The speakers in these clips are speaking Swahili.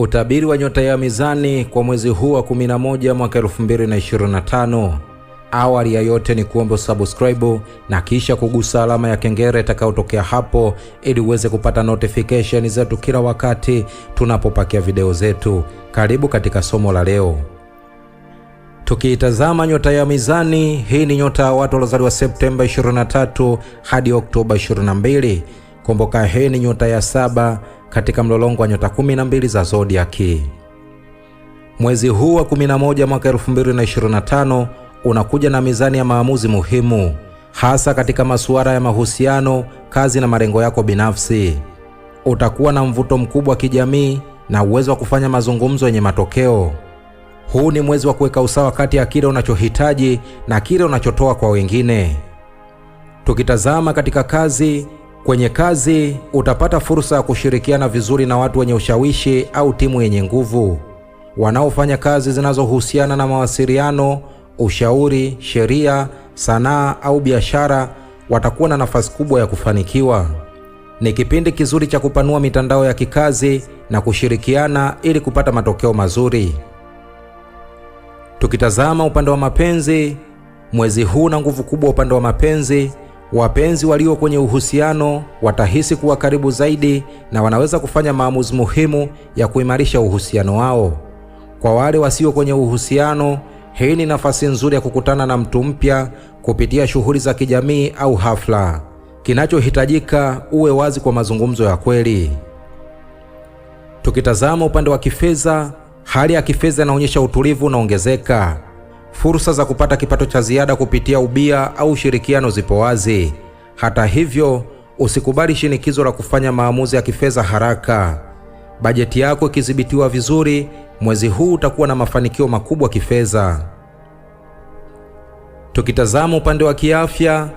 Utabiri wa nyota ya Mizani kwa mwezi huu wa 11 mwaka 2025. Awali ya yote ni kuomba subscribe na kisha kugusa alama ya kengele itakayotokea hapo ili uweze kupata notification zetu kila wakati tunapopakia video zetu. Karibu katika somo la leo. Tukiitazama nyota ya Mizani, hii ni nyota ya watu waliozaliwa Septemba 23 hadi Oktoba 22. Kumbuka, hii ni nyota ya saba katika mlolongo wa nyota 12 za zodiaki. Mwezi huu wa 11 mwaka 2025 unakuja na mizani ya maamuzi muhimu, hasa katika masuala ya mahusiano, kazi na malengo yako binafsi. Utakuwa na mvuto mkubwa wa kijamii na uwezo wa kufanya mazungumzo yenye matokeo. Huu ni mwezi wa kuweka usawa kati ya kile unachohitaji na kile unachotoa kwa wengine. Tukitazama katika kazi, Kwenye kazi utapata fursa ya kushirikiana vizuri na watu wenye ushawishi au timu yenye nguvu wanaofanya kazi zinazohusiana na mawasiliano, ushauri, sheria, sanaa au biashara. Watakuwa na nafasi kubwa ya kufanikiwa. Ni kipindi kizuri cha kupanua mitandao ya kikazi na kushirikiana ili kupata matokeo mazuri. Tukitazama upande wa mapenzi, mwezi huu na nguvu kubwa upande wa mapenzi Wapenzi walio kwenye uhusiano watahisi kuwa karibu zaidi na wanaweza kufanya maamuzi muhimu ya kuimarisha uhusiano wao. Kwa wale wasio kwenye uhusiano, hii ni nafasi nzuri ya kukutana na mtu mpya kupitia shughuli za kijamii au hafla. Kinachohitajika uwe wazi kwa mazungumzo ya kweli. Tukitazama upande wa kifedha, hali ya kifedha inaonyesha utulivu unaongezeka. Fursa za kupata kipato cha ziada kupitia ubia au ushirikiano zipo wazi. Hata hivyo, usikubali shinikizo la kufanya maamuzi ya kifedha haraka. Bajeti yako ikidhibitiwa vizuri, mwezi huu utakuwa na mafanikio makubwa kifedha. Tukitazama upande wa kiafya,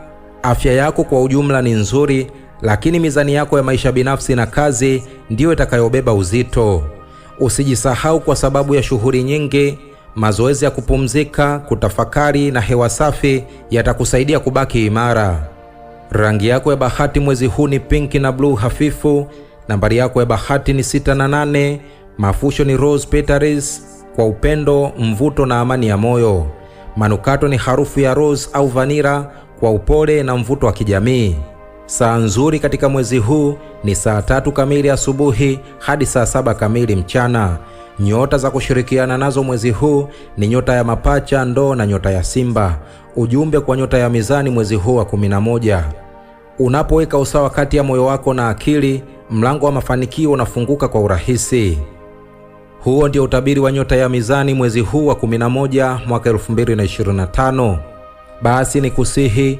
afya yako kwa ujumla ni nzuri, lakini mizani yako ya maisha binafsi na kazi ndiyo itakayobeba uzito. Usijisahau kwa sababu ya shughuli nyingi Mazoezi ya kupumzika, kutafakari na hewa safi yatakusaidia kubaki imara. Rangi yako ya bahati mwezi huu ni pinki na bluu hafifu. Nambari yako ya bahati ni sita na nane. Mafusho ni rose petals kwa upendo, mvuto na amani ya moyo. Manukato ni harufu ya rose au vanira kwa upole na mvuto wa kijamii. Saa nzuri katika mwezi huu ni saa tatu kamili asubuhi hadi saa saba kamili mchana. Nyota za kushirikiana nazo mwezi huu ni nyota ya mapacha, ndoo na nyota ya simba. Ujumbe kwa nyota ya mizani mwezi huu wa 11: unapoweka usawa kati ya moyo wako na akili, mlango wa mafanikio unafunguka kwa urahisi. Huo ndio utabiri wa nyota ya mizani mwezi huu wa 11 mwaka 2025. Basi ni kusihi